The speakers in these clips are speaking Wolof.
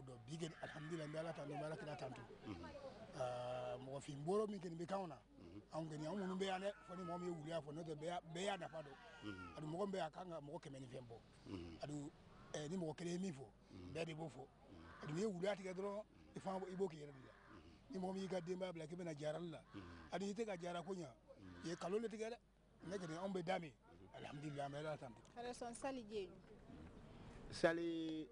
bo ɗo alhamdulillah mbi ala tanto ah, mbi ala kiɗa tanto mogo fin ɓoro min keni mbi kawna an keni an munu mbeya de foni momi ye wuliya fo noto mbeya nafa ɗo aɗu mogo mbeya kanga mogo kemeni fen bo aɗu eh, ni mogo kele min fo mbeyade bo fo aɗu ni ye wuliya tigɛ dɔrɔn i fan i b'o k'i yɛrɛ de ni mogo mi y'i ka denbaya bila k'i bena jarali la aɗu i tɛ ka jara ko ye kalo le tigɛ dɛ ne keni an be dami alhamdulillah an bɛ ala tanto sali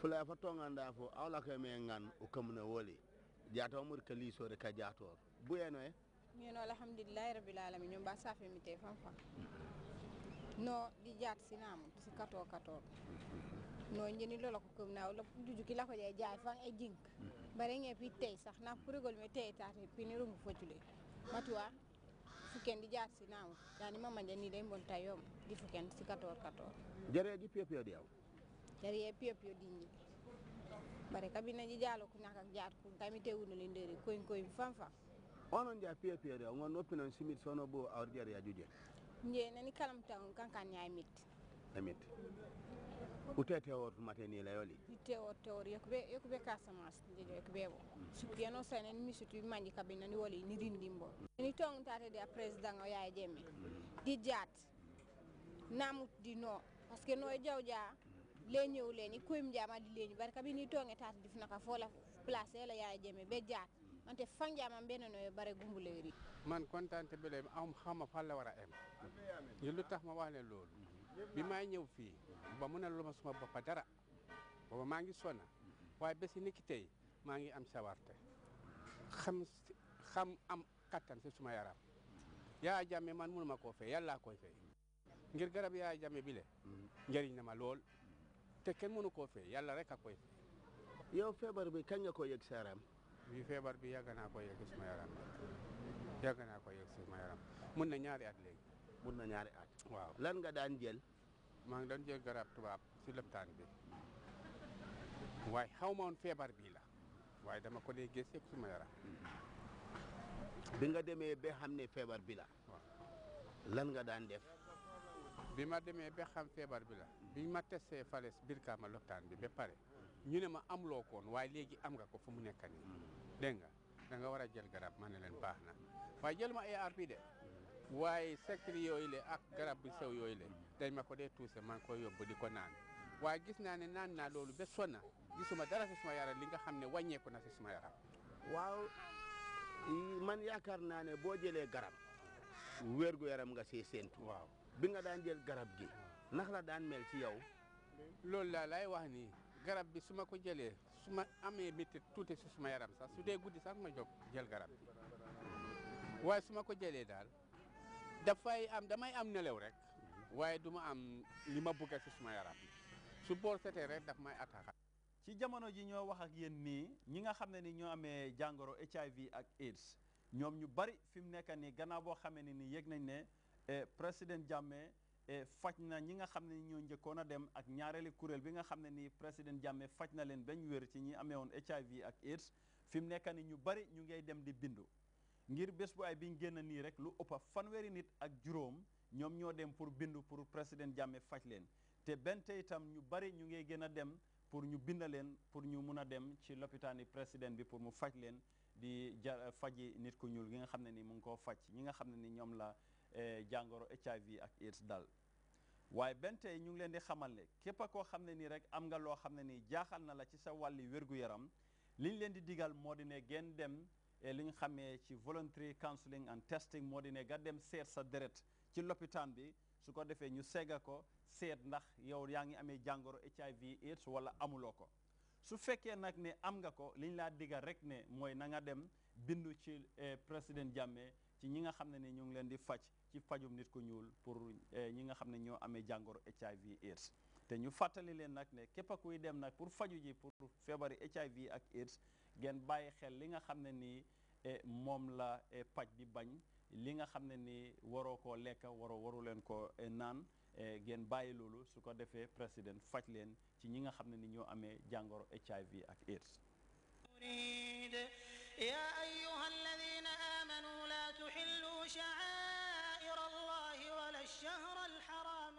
fula fa tonganda fo awla ko woli jato mur ka lisore ka jator alhamdulillahi rabbil alamin ñum ba safe mi te fan fan di jat sinamu si kato kato no ñini lola ko kamna wala juju ki la e bare nge pi sax na purgol me tey tati pini rumu fotule matwa fuken di jat sinamu yani mama jani dem bon di fuken si kato kato jere di pio yari pio pio dinji bare kabina ji jalo ku nakak jaat ku tamite wuno le ndere koy koy fam fam onon ja pio pio re ngon no non simit sono bo awr jari ya juje nje nani kalam tan kankan nyaay mit amit utete or mateni la yoli ite or te or yakbe yakbe kasamas jejo yakbe bo mm. sukiano sanen mi sutu manji kabina ni woli ni rindimbo ni tong tata dia president o yaay jemi mm. di jaat namut di no parce que no e jawja leñewu leñi koyim jama di leñi bari kabini tonge tata difna ka fola place la yaay jeme be jaat ante fang jama benen no bare gumbuleri man contente bele am xama fa la wara em ñu tax ma wax leen loolu bi may ñew fii ba mu ne lu ma suma boppa dara booba maa ngi sonna waaye bési niki tey maa ngi am sawarte xam xam am kattan si suma yaram yaa jàmme man mu mënuma koo fe yàlla koy fe ngir garab yaa jàmme bi le njëriñ na ma lool te kenn mënu koo fee yàlla rek a koy yow feebar bi kañ nga ko yëg sa yaram. bi feebar bi yàgg naa ko yeg sama ma yàgg naa ko yëg sama yaram mun na ñaari at léegi. mun na ñaari at. lan nga daan jël. maa ngi daan jël garab tubaab si lopitaan bi waaye xaw ma woon feebar bi la waaye dama ko dee gis yëpp suma yaram. bi nga demee be xam ne feebar bi la. lan nga daan def. bi ma demee ba xam feebar bi la biñ ma testé fales biir kaama lopitaan bi ba pare ñu ne ma amuloo ko woon waaye léegi am nga ko fu mu nekk nii dégg nga da war a jël garab ma ne leen baax na waaye jël ma ARP de waaye secret yooyu le ak garab bu sew yooyu le dañ ma ko dee tuuse man koy yóbbu di ko naan waaye gis naa ne naan naa loolu ba sonna gisuma dara si suma yaram li nga xam ne wàññeeku na si suma yaram waaw man yaakaar naa ne boo jëlee garab wér gu yaram nga see séentu waaw bi nga daan jël garab gi nax la daan mel ci yow. loolu laa lay wax ni garab bi su ma ko jëlee su ma amee métti tuuti si suma yaram sax su dee guddi sax ma jóg jël garab bi waaye su ma ko jëlee daal dafay am damay am nelew rek waaye du ma am li ma bëgg su suma yaram su boor setee rek daf may attaque. ci jamono ji ñoo wax ak yéen nii ñi nga xam ne ni ñoo amee jàngoro HIV ak AIDS ñoom ñu bari fi mu nekk nii gannaaw boo xamee ni yëg nañ ne. Eh, président Jammeh eh, faj na ñi nga xam ne ñoo njëkkoon a dem ak ñaareeli kuréel bi nga xam ne nii président Jammeh faj na leen bañ wér ci ñi ameewoon HIV ak AIDS fi mu nekk ni ñu bari ñu ngay dem di bindu ngir bés bu ay biñ génn nii rek lu ëpp fanweeri nit ak juróom ñoom ñoo dem pour bindu pour président Jammeh faj leen te benn tey itam ñu bari ñu ngay gën a dem pour ñu binda leen pour ñu mun a dem ci lopitaani président bi pour mu faj leen di ja faji nit ku ñuul gi nga xam ne ni mu ngi koo faj ñi nga xam ne ni ñoom la E, jàngoro HIV ak AIDS dal waaye benn tey ñu ngi leen di xamal ne képp koo xam ne nii rek am nga loo xam ne ni jaaxal na la ci sa wàlli wér yaram liñ ñu leen di digal moo di ne dem e, li ñu xamee ci voluntary counseling and testing moo di nga dem seet sa deret ci lopitaan bi su ko defee ñu segga ko seet ndax yow yaa ngi amee jàngoro HIV AIDS wala amuloo ko su fekkee nag ne am nga ko liñ ñu laa digal rek ne mooy nanga dem bindu ci e, président Jammeh ci ñi nga xam ne ni ñu ngi leen di faj ci fajum nit ku ñuul pour eh, ñi nga xam ne ñoo amee jàngoro HIV AIDS te ñu fàttali leen nag ne képp kuy dem nag pour faju ji pour feebari HIV ak AIDS ngeen bàyyi xel li nga xam ne nii eh, moom la eh, paj bi bañ li nga xam ne nii waroo koo lekk waroo waru leen koo naan ngeen bàyyi loolu su ko defee président faj leen ci ñi nga xam ne ni ñoo amee jàngoro HIV ak AIDS يا أيها الذين آمنوا لا تحلوا شعائر الله ولا الشهر الحرام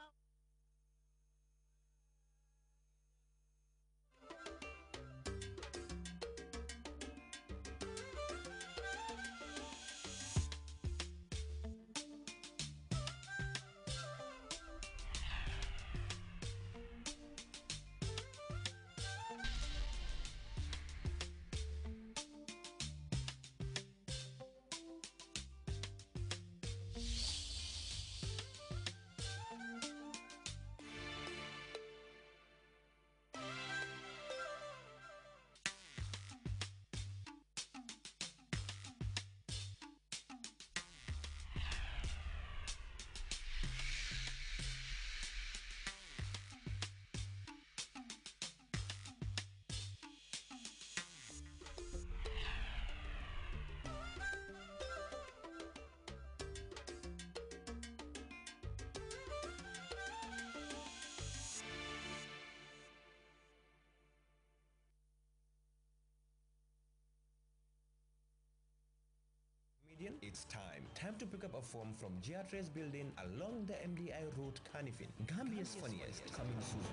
It's time. Time to pick up a form from GRTS building along the MDI route Kanifin. Gambia's, Gambia's funniest, funniest coming soon.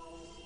Oh.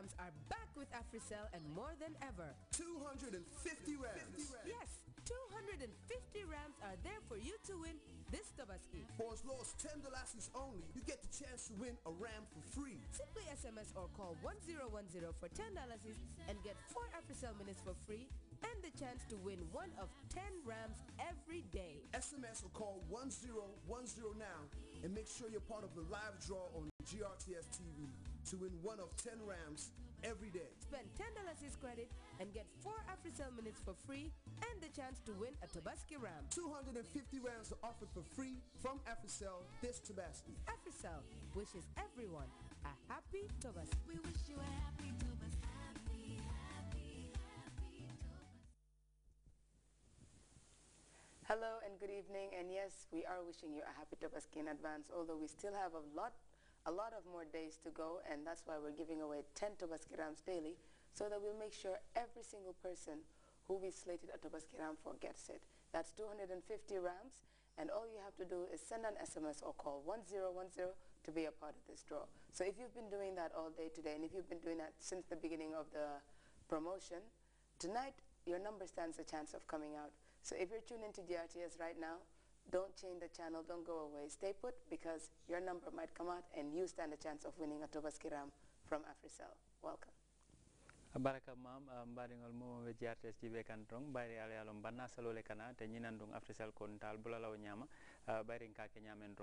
programs are back with AfriCell and more than ever. 250 rams. Yes, 250 rams are there for you to win this Tobaski. For as low as $10 only, you get the chance to win a ram for free. Simply SMS or call 1010 for $10 and get 4 AfriCell minutes for free and the chance to win one of 10 rams every day. SMS or call 1010 now and make sure you're part of the live draw on GRTS TV to win one of 10 rams every day. Spend $10 as credit and get 4 Africell minutes for free and the chance to win a Tabaski ram. 250 rams are offered for free from AfriCell this Tabaski. AfriCell wishes everyone a happy Tabaski. We wish you a happy Tabaski. Hello and good evening and yes, we are wishing you a happy Tabaski in advance although we still have a lot a lot of more days to go, and that's why we're giving away 10 Tobaskerams daily, so that we'll make sure every single person who we slated a Tobaskeram for gets it. That's 250 rams, and all you have to do is send an SMS or call 1010 to be a part of this draw. So if you've been doing that all day today, and if you've been doing that since the beginning of the promotion, tonight your number stands a chance of coming out. So if you're tuning into GRTS right now, don't change the channel. Don't go away. Stay put because your number might come out and you stand a chance of winning a Tobaskiram from AfriCell. Welcome. baraka mam uh, mbaɗigol mum ɓe jartes jiɓe kan ton ɓayri alayalom banna salole kana te ñinandun africell kon tal bulalaw ñama ɓayrin uh, kake ñamen